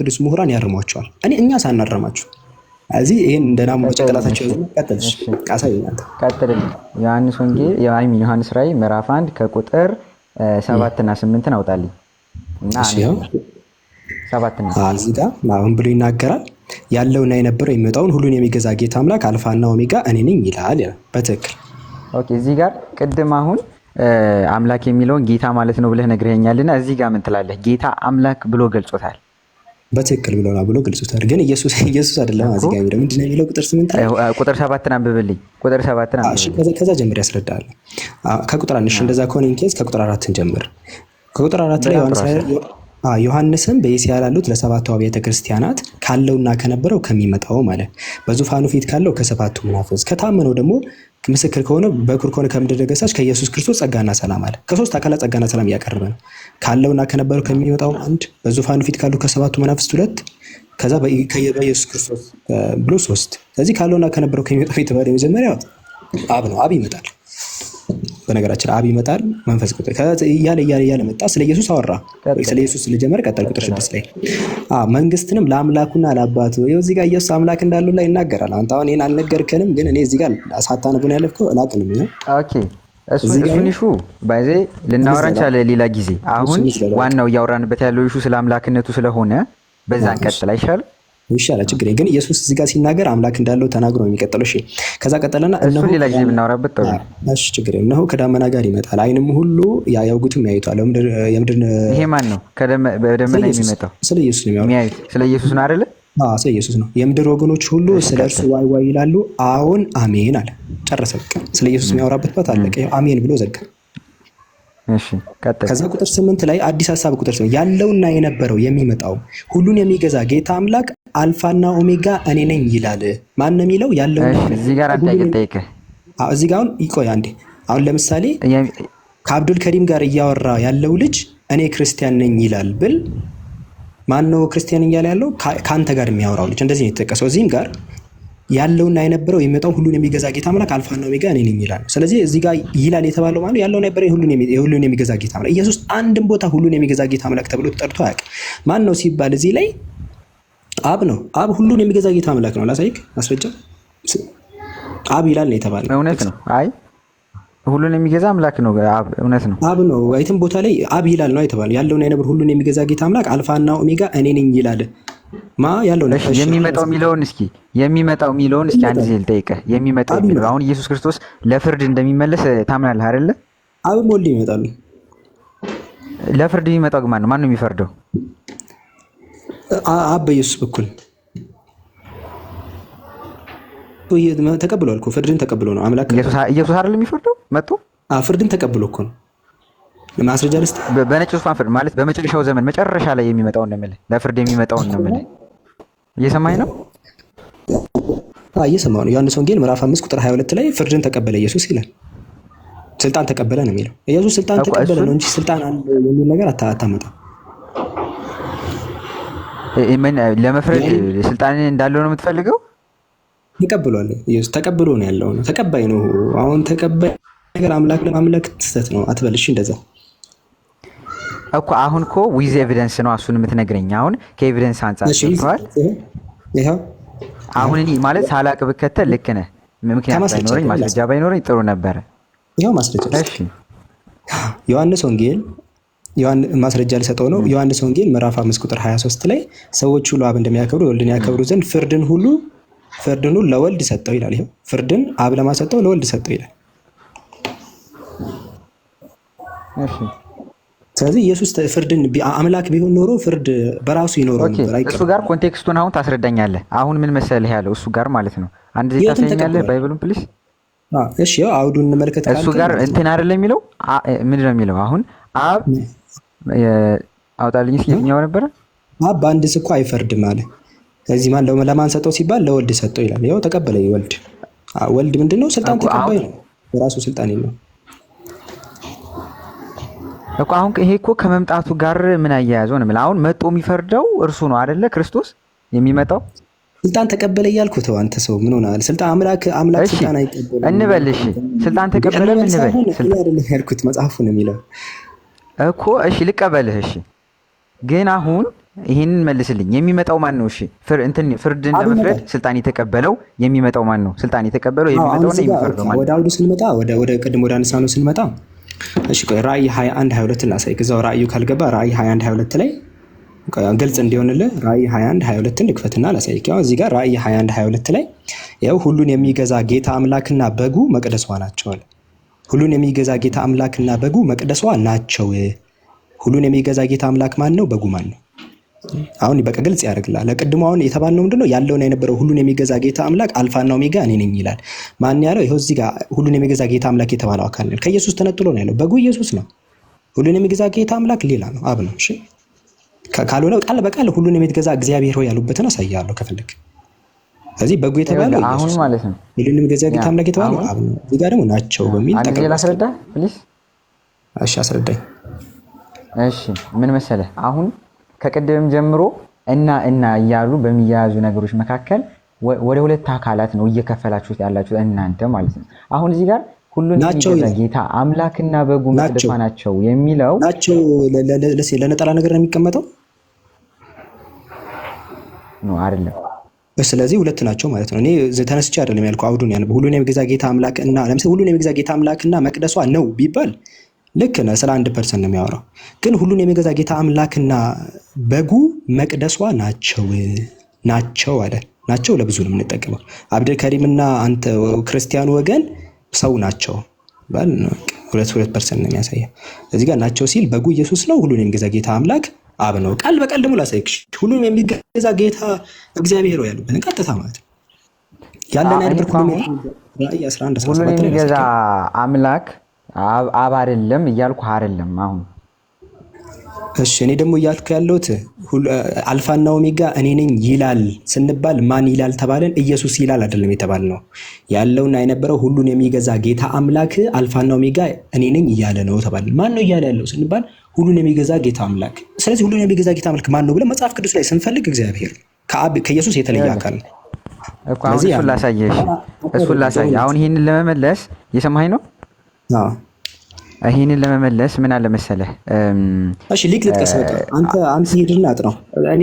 ቅዱስ ምሁራን ያርሟቸዋል። እኔ እኛ ሳናረማቸው እዚህ ይህን እንደ ናሙና ጭንቅላታቸው ዮሐንስ ወንጌል የአይሚን ዮሐንስ ራዕይ ምዕራፍ አንድ ከቁጥር ሰባትና ስምንትን አውጣልኝ እና እዚህ ጋር አሁን ብሎ ይናገራል ያለውና የነበረው የሚመጣውን ሁሉን የሚገዛ ጌታ አምላክ አልፋና ኦሜጋ እኔ ነኝ ይላል። በትክክል ኦኬ። እዚህ ጋር ቅድም አሁን አምላክ የሚለውን ጌታ ማለት ነው ብለህ ነግረኛልና እዚህ ጋር ምን ትላለህ? ጌታ አምላክ ብሎ ገልጾታል። በትክክል ብለውና ብሎ ገልጾታል። ግን ኢየሱስ አይደለም አዘጋሚ ደግሞ ምንድን ነው የሚለው? ቁጥር ስምንት ቁጥር ሰባትን አንብብልኝ። ቁጥር ሰባትን ከዛ ጀምር ያስረዳል። ከቁጥር አንሽ እንደዛ ከሆነ ኢንኬዝ ከቁጥር አራትን ጀምር። ከቁጥር አራት ላይ ዮሐንስ ዮሐንስም በእስያ ላሉት ለሰባቱ አብያተ ክርስቲያናት ካለውና ከነበረው ከሚመጣው ማለት በዙፋኑ ፊት ካለው ከሰባቱ መናፍስት ከታመነው ደግሞ ምስክር ከሆነ በኩር ከሆነ ከምድር ገሳች ከኢየሱስ ክርስቶስ ጸጋና ሰላም አለ። ከሶስት አካላት ጸጋና ሰላም እያቀረበ ነው። ካለውና ከነበረው ከሚመጣው አንድ፣ በዙፋኑ ፊት ካሉ ከሰባቱ መናፍስት ሁለት፣ ከዛ በኢየሱስ ክርስቶስ ብሎ ሶስት። ስለዚህ ካለውና ከነበረው ከሚመጣው የተባለ የመጀመሪያ አብ ነው። አብ ይመጣል። በነገራችን አብ ይመጣል መንፈስ ቁጥር እያለ እያለ እያለ መጣ። ስለ ኢየሱስ አወራ። ስለ ኢየሱስ ልጀመር ቀጠል ቁጥር ስድስት ላይ መንግስትንም ለአምላኩና ለአባቱ ይኸው እዚህ ጋር ኢየሱስ አምላክ እንዳሉ ላይ ይናገራል። አንተ አሁን ይህን አልነገርከንም፣ ግን እኔ እዚህ ጋር ሳታነቡን ያለፍከው እላቅንም ነው። እሱን ኢሹ ባይዜ ልናወራ እንችላለን ሌላ ጊዜ። አሁን ዋናው እያወራንበት ያለው ኢሹ ስለ አምላክነቱ ስለሆነ በዛን ቀጥል አይሻልም? ውሻ አለ ችግር ግን ኢየሱስ እዚህ ጋር ሲናገር አምላክ እንዳለው ተናግሮ ነው የሚቀጥለው። እሺ ከዛ ቀጠለና እነሆ ሌላ ጊዜ ብናወራበት ጥሩ እሺ ችግር እነሆ ከዳመና ጋር ይመጣል፣ አይንም ሁሉ ያውጉትም ያዩታል። የምድር ይሄ ማን ነው? በደመና የሚመጣው ስለ ኢየሱስ ነው የሚያዩት። ስለ ኢየሱስ ነው አይደለ? አዎ ስለ ኢየሱስ ነው። የምድር ወገኖች ሁሉ ስለ እርሱ ዋይ ዋይ ይላሉ። አዎን አሜን አለ። ጨረሰ። በቃ ስለ ኢየሱስ የሚያወራበት ባት አለቀ። አሜን ብሎ ዘጋ። ከዛ ቁጥር ስምንት ላይ አዲስ ሀሳብ ቁጥር ስምንት ያለውና የነበረው የሚመጣው ሁሉን የሚገዛ ጌታ አምላክ አልፋና ኦሜጋ እኔ ነኝ ይላል። ማን ነው የሚለው? ያለው እዚህ ጋር አንተ እዚህ ጋር አሁን ይቆይ አንዴ። አሁን ለምሳሌ ከአብዱል ከሪም ጋር እያወራ ያለው ልጅ እኔ ክርስቲያን ነኝ ይላል ብል ማን ነው ክርስቲያን እያለ ያለው? ከአንተ ጋር የሚያወራው ልጅ። እንደዚህ ነው የተጠቀሰው። እዚህም ጋር ያለውና የነበረው የሚመጣው ሁሉን የሚገዛ ጌታ አምላክ አልፋና ኦሜጋ እኔ ነኝ ይላል። ስለዚህ እዚህ ጋር ይላል የተባለው ማለት ያለውና የነበረው ሁሉን የሚገዛ ጌታ አምላክ ኢየሱስ አንድም ቦታ ሁሉን የሚገዛ ጌታ አምላክ ተብሎ ተጠርቶ አያውቅም። ማን ነው ሲባል እዚህ ላይ አብ ነው። አብ ሁሉን የሚገዛ ጌታ አምላክ ነው። ላሳይክ ማስረጃ አብ ይላል ነው የተባለ እውነት ነው። አይ ሁሉን የሚገዛ አምላክ ነው። አብ እውነት ነው። አብ ነው። የትም ቦታ ላይ አብ ይላል ነው የተባለ ያለውን አይነብር ሁሉን የሚገዛ ጌታ አምላክ አልፋና ኦሜጋ እኔ ነኝ ይላል። ማ ያለው ነው። የሚመጣው የሚለውን እስኪ የሚመጣው የሚለውን እስኪ አንድ ጊዜ ጠይቀ የሚመጣው የሚለው አሁን ኢየሱስ ክርስቶስ ለፍርድ እንደሚመለስ ታምናለህ አይደለ? አብም ወልድም ይመጣሉ። ለፍርድ የሚመጣው ማን ነው? ማን ነው የሚፈርደው? አብ በኢየሱስ በኩል ተቀብሏል እኮ ፍርድን ተቀብሎ ነው አምላክ ኢየሱስ አይደል የሚፈርደው መጥቶ ፍርድን ተቀብሎ እኮ ነው ማስረጃ ልስጥ በነጭ ዙፋን ፍርድ ማለት በመጨረሻው ዘመን መጨረሻ ላይ የሚመጣውን ነው የምልህ ለፍርድ የሚመጣውን ነው የምልህ እየሰማኝ ነው እየሰማሁ ነው ዮሐንስ ወንጌል ምዕራፍ አምስት ቁጥር 22 ላይ ፍርድን ተቀበለ ኢየሱስ ይላል ስልጣን ተቀበለ ነው የሚለው ኢየሱስ ስልጣን ተቀበለ ነው እንጂ ስልጣን የሚል ነገር አታመጣም ለመፍረድ ስልጣን እንዳለው ነው የምትፈልገው? ተቀብሏል። ኢየሱስ ተቀብሎ ነው ያለው ነው ተቀባይ ነው። አሁን ተቀባይ ነገር አምላክ ለማምለክ ትሰት ነው አትበልሽ። እንደዛ እኮ አሁን እኮ ዊዝ ኤቪደንስ ነው እሱን የምትነግረኝ። አሁን ከኤቪደንስ አንጻር ተዋል። አሁን እኔ ማለት ሳላቅ ብከተል ልክ ነህ። ምክንያት ባይኖረኝ ማስረጃ ባይኖረኝ ጥሩ ነበረ። ይኸው ማስረጃ ዮሐንስ ወንጌል ማስረጃ ሊሰጠው ነው። ዮሐንስ ወንጌል ምዕራፍ አምስት ቁጥር 23 ላይ ሰዎች ሁሉ አብ እንደሚያከብሩ ወልድን ያከብሩ ዘንድ ፍርድን ሁሉ ፍርድን ሁሉ ለወልድ ሰጠው ይላል። ይሄው ፍርድን አብ ለማሰጠው ለወልድ ሰጠው ይላል። ስለዚህ ኢየሱስ ፍርድን አምላክ ቢሆን ኖሮ ፍርድ በራሱ ይኖረው ነበር። እሱ ጋር ኮንቴክስቱን አሁን ታስረዳኛለህ። አሁን ምን መሰለህ ያለው እሱ ጋር ማለት ነው። አንድ ዜ ታስረኛለህ። ባይብሉን ፕሊስ። እሺ ያው አውዱን እንመልከት። እሱ ጋር እንትን አይደለም የሚለው ምንድን ነው የሚለው አሁን አብ አውጣልኝ እስኪ የትኛው ነበረ? አብ በአንድስ እኮ አይፈርድም አለ። ስለዚህ ለማን ሰጠው ሲባል ለወልድ ሰጠው ይላል። ያው ተቀበለ ወልድ ወልድ ምንድን ነው ስልጣን ተቀባይ ነው። ራሱ ስልጣን የለው እኮ አሁን ይሄ እኮ ከመምጣቱ ጋር ምን አያያዘው ነው? አሁን መጦ የሚፈርደው እርሱ ነው አደለ? ክርስቶስ የሚመጣው ስልጣን ተቀበለ እያልኩ ተው አንተ ሰው ምን ሆነሃል? ስልጣን አምላክ አምላክ ስልጣን አይቀበልም እንበል። እሺ ስልጣን ተቀበለ እንበል። ስልጣን አይደለም ያልኩት መጽሐፉ ነው የሚለው እኮ እሺ ልቀበልህ። እሺ ግን አሁን ይህንን መልስልኝ። የሚመጣው ማን ነው? እሺ ፍርድን ለመፍረድ ስልጣን የተቀበለው የሚመጣው ማን ነው? ስልጣን የተቀበለው ወደ አውዱ ስንመጣ ወደ ቅድም ወደ አነሳ ነው ስንመጣ እሺ ቆይ ራእይ 21 22 ላሳይ። ከዛው ራእዩ ካልገባ ራእይ 21 22 ላይ ግልጽ እንዲሆንልህ ራእይ 21 22 ልክፈትና ላሳይ። ያው እዚህ ጋር ራእይ 21 22 ላይ ያው ሁሉን የሚገዛ ጌታ አምላክና በጉ መቅደሷ ናቸዋል ሁሉን የሚገዛ ጌታ አምላክና በጉ መቅደሷ ናቸው። ሁሉን የሚገዛ ጌታ አምላክ ማን ነው? በጉ ማን ነው? አሁን በቃ ግልጽ ያደርግላል። ለቅድሞ አሁን የተባልነው ምንድነው ያለውን የነበረው ሁሉን የሚገዛ ጌታ አምላክ አልፋና ኦሜጋ እኔ ነኝ ይላል። ማን ያለው? ይኸው እዚህ ጋር ሁሉን የሚገዛ ጌታ አምላክ የተባለው አካል ነው። ከኢየሱስ ተነጥሎ ነው ያለው። በጉ ኢየሱስ ነው። ሁሉን የሚገዛ ጌታ አምላክ ሌላ ነው፣ አብ ነው። እሺ ካልሆነ ቃል በቃል ሁሉን የሚገዛ እግዚአብሔር ሆይ ያሉበትን አሳያለሁ ከፈለግ ስለዚህ በጎ የተባለ አሁን ማለት ነው። ሁሉንም ገዛ ጌታ አምላክ የተባለ አብ ነው። እዚህ ጋር ደግሞ ናቸው በሚል ጠቅላላ አስረዳ። ፕሊስ። እሺ፣ አስረዳኝ። እሺ፣ ምን መሰለህ አሁን ከቅድም ጀምሮ እና እና እያሉ በሚያያዙ ነገሮች መካከል ወደ ሁለት አካላት ነው እየከፈላችሁት ያላችሁት እናንተ ማለት ነው። አሁን እዚህ ጋር ሁሉን ናቸው ጌታ አምላክና በጉ መቅደሷ ናቸው የሚለው ናቸው ለነጠላ ነገር ነው የሚቀመጠው ነው አይደለም ስለዚህ ሁለት ናቸው ማለት ነው። እኔ ተነስቼ አይደለም ያልኩ አውዱን ያን ሁሉን የሚገዛ ጌታ አምላክ እና ለምሳሌ ሁሉን የሚገዛ ጌታ አምላክ እና መቅደሷ ነው ቢባል ልክ ነህ። ስለ አንድ ፐርሰን ነው የሚያወራው። ግን ሁሉን የሚገዛ ጌታ አምላክና በጉ መቅደሷ ናቸው ናቸው አለ ናቸው። ለብዙ ነው የምንጠቀመው። አብድልከሪምና አንተ ክርስቲያኑ ወገን ሰው ናቸው ባል ሁለት ሁለት ፐርሰንት ነው የሚያሳየው። እዚህ ጋር ናቸው ሲል በጉ ኢየሱስ ነው፣ ሁሉን የሚገዛ ጌታ አምላክ አብ ነው። ቃል በቃል ደግሞ ላሳይክሽ ሁሉም የሚገዛ ጌታ እግዚአብሔር ነው ያሉበትን ቀጥታ ማለት ነው ያለን ያድብር ሁሉም የሚገዛ አምላክ አብ አይደለም እያልኩ አይደለም። አሁን እሺ፣ እኔ ደግሞ እያልኩ ያለሁት አልፋና ኦሜጋ እኔ ነኝ ይላል ስንባል ማን ይላል ተባለን፣ ኢየሱስ ይላል አይደለም የተባል ነው ያለውና የነበረው ሁሉን የሚገዛ ጌታ አምላክ አልፋና ኦሜጋ እኔ ነኝ እያለ ነው ተባለ። ማን ነው እያለ ያለው ስንባል ሁሉን የሚገዛ ጌታ አምላክ ስለዚህ ሁሉን የሚገዛ ጌታ መልክ ማን ነው ብለን መጽሐፍ ቅዱስ ላይ ስንፈልግ እግዚአብሔር ከኢየሱስ የተለየ አካል ነው እኮ። አሁን እሱን ላሳየሽ፣ እሱን ላሳየ አሁን ይህንን ለመመለስ እየሰማኸኝ ነው? ይህንን ለመመለስ ምን አለ መሰለህ፣ እሺ ሊቅ ልጥቀስ። በቃ አንተ አንተ ሄድና አጥናው።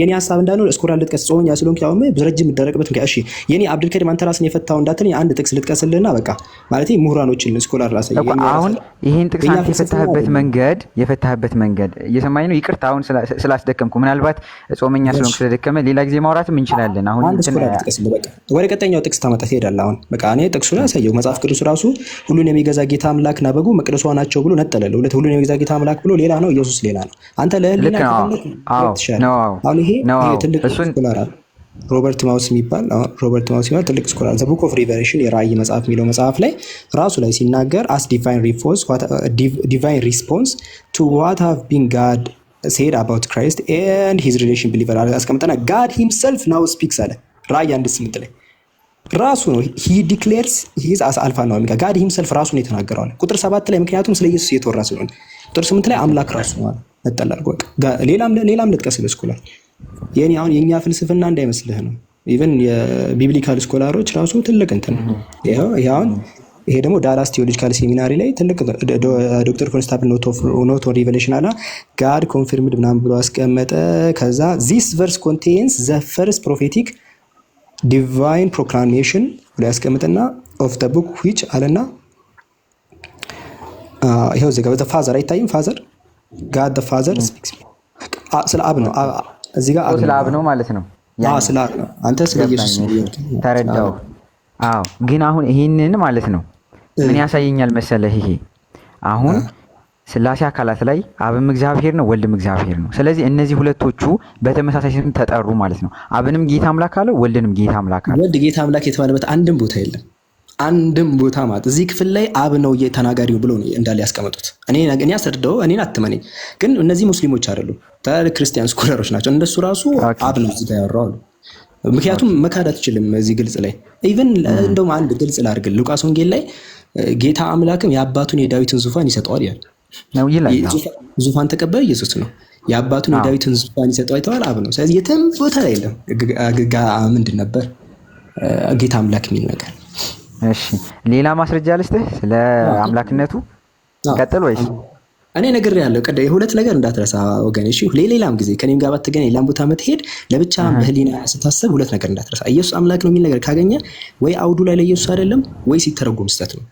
የኔ ሀሳብ እንዳልሆነ እስኮላን ልጥቀስ። ጾመኛ ስለሆንክ ያው ረጅም የምደረቅበት ምክንያት። እሺ የኔ አብዱልከሪም አንተ ራስን የፈታው እንዳትል አንድ ጥቅስ ልጥቀስልህና በቃ ማለት ምሁራኖችን እስኮላር ራስ አሁን ይህን ጥቅስ አንተ የፈታህበት መንገድ የፈታህበት መንገድ እየሰማኝ ነው። ይቅርታ አሁን ስላስደከምኩ፣ ምናልባት ጾመኛ ስለሆንክ ስለደከመ ሌላ ጊዜ ማውራትም እንችላለን። አሁን ወደ ቀጠኛው ጥቅስ ታመጣ ትሄዳለህ። አሁን በቃ እኔ ጥቅሱን ያሳየው መጽሐፍ ቅዱስ ራሱ ሁሉን የሚገዛ ጌታ አምላክና በጉ መቅደሷ ናቸው ብሎ ነጠለ። ለሁለት ሁሉን የገዛ ጌታ አምላክ ብሎ ሌላ ነው፣ ኢየሱስ ሌላ ነው። አንተ ለህልና አሁን ይሄ ትልቅ ስኮላር ሮበርት ማውስ የሚባል ሮበርት ማውስ የሚባል ትልቅ ስኮላር ዘ ቡክ ኦፍ ሪቨሬሽን የራእይ መጽሐፍ የሚለው መጽሐፍ ላይ ራሱ ላይ ሲናገር አስ ዲቫይን ሪስፖንስ ቱ ዋት ሃቭ ቢን ጋድ ሴድ አባውት ክራይስት ኤንድ ሂዝ ሪሌሽን ቢሊቨር አስቀምጠና ጋድ ሂምሰልፍ ናው ስፒክስ አለ ራእይ አንድ ስምንት ላይ ራሱ ነው። ሂ ዲክሌርስ ሂዝ አስ አልፋ ነው ኦሜጋ ጋድ ሂምሰልፍ ራሱ ነው የተናገረው። አለ ቁጥር ሰባት ላይ ምክንያቱም ስለ ኢየሱስ እየተወራ ስለሆነ፣ ቁጥር ስምንት ላይ አምላክ ራሱ ነው ነጠላ አድርጎ ሌላም ሌላም ልጥቀስልህ እስኮላር የኔ አሁን የኛ ፍልስፍና እንዳይመስልህ ነው። ኢቨን የቢብሊካል ስኮላሮች ራሱ ትልቅ እንትን ይሄው ይሄውን ይሄ ደግሞ ዳላስ ቴዎሎጂካል ሴሚናሪ ላይ ትልቅ ዶክተር ኮንስታብል ኖት ኦን ሪቨሌሽን አላ ጋድ ኮንፊርምድ ምናምን ብሎ አስቀመጠ። ከዛ ዚስ ቨርስ ኮንቴንስ ዘ ፈርስት ፕሮፌቲክ ዲቫይን ፕሮክላሜሽን ወደ ያስቀምጥና ኦፍ ተ ቡክ ዊች አለና ይኸው እዚህ ጋር ፋዘር አይታይም። ፋዘር ጋድ ፋዘር ስለ አብ ነው። እዚህ ጋር ስለ አብ ነው ማለት ነው። ስለ አብ ነው። አንተ ስለ ኢየሱስ ተረዳው። አዎ፣ ግን አሁን ይህንን ማለት ነው ምን ያሳየኛል መሰለህ? ይሄ አሁን ስላሴ አካላት ላይ አብም እግዚአብሔር ነው፣ ወልድም እግዚአብሔር ነው። ስለዚህ እነዚህ ሁለቶቹ በተመሳሳይ ስም ተጠሩ ማለት ነው። አብንም ጌታ አምላክ አለ፣ ወልድንም ጌታ አምላክ አለ። ወልድ ጌታ አምላክ የተባለበት አንድም ቦታ የለም። አንድም ቦታ ማለት እዚህ ክፍል ላይ አብ ነው የተናጋሪው ብሎ ነው እንዳለ ያስቀመጡት። እኔ እኔ አስረዳው፣ እኔን አትመነኝ። ግን እነዚህ ሙስሊሞች አይደሉ ትላልቅ ክርስቲያን ስኮለሮች ናቸው። እንደሱ ራሱ አብ ነው እዚህ ጋር ያወራው አሉ። ምክንያቱም መካድ አትችልም። እዚህ ግልጽ ላይ ኢቨን እንደውም አንድ ግልጽ ላድርግልህ፣ ሉቃስ ወንጌል ላይ ጌታ አምላክም የአባቱን የዳዊትን ዙፋን ይሰጠዋል ያለ ነው ይላል። ዙፋን ተቀባይ ኢየሱስ ነው። የአባቱን የዳዊትን ዙፋን ይሰጠው አይተዋል አብ ነው። ስለዚህ የትም ቦታ ላይ የለም ምንድን ነበር ጌታ አምላክ የሚል ነገር። እሺ ሌላ ማስረጃ ልስጥህ ስለ አምላክነቱ ቀጥል ወይ እኔ ነገር ያለው ቀደ የሁለት ነገር እንዳትረሳ ወገን። እሺ ሌላም ጊዜ ከኔም ጋር ባትገናኝ ሌላም ቦታ መትሄድ ለብቻ በህሊና ስታሰብ ሁለት ነገር እንዳትረሳ። ኢየሱስ አምላክ ነው የሚል ነገር ካገኘ ወይ አውዱ ላይ ለኢየሱስ አይደለም ወይ ሲተረጉም ስህተት ነው።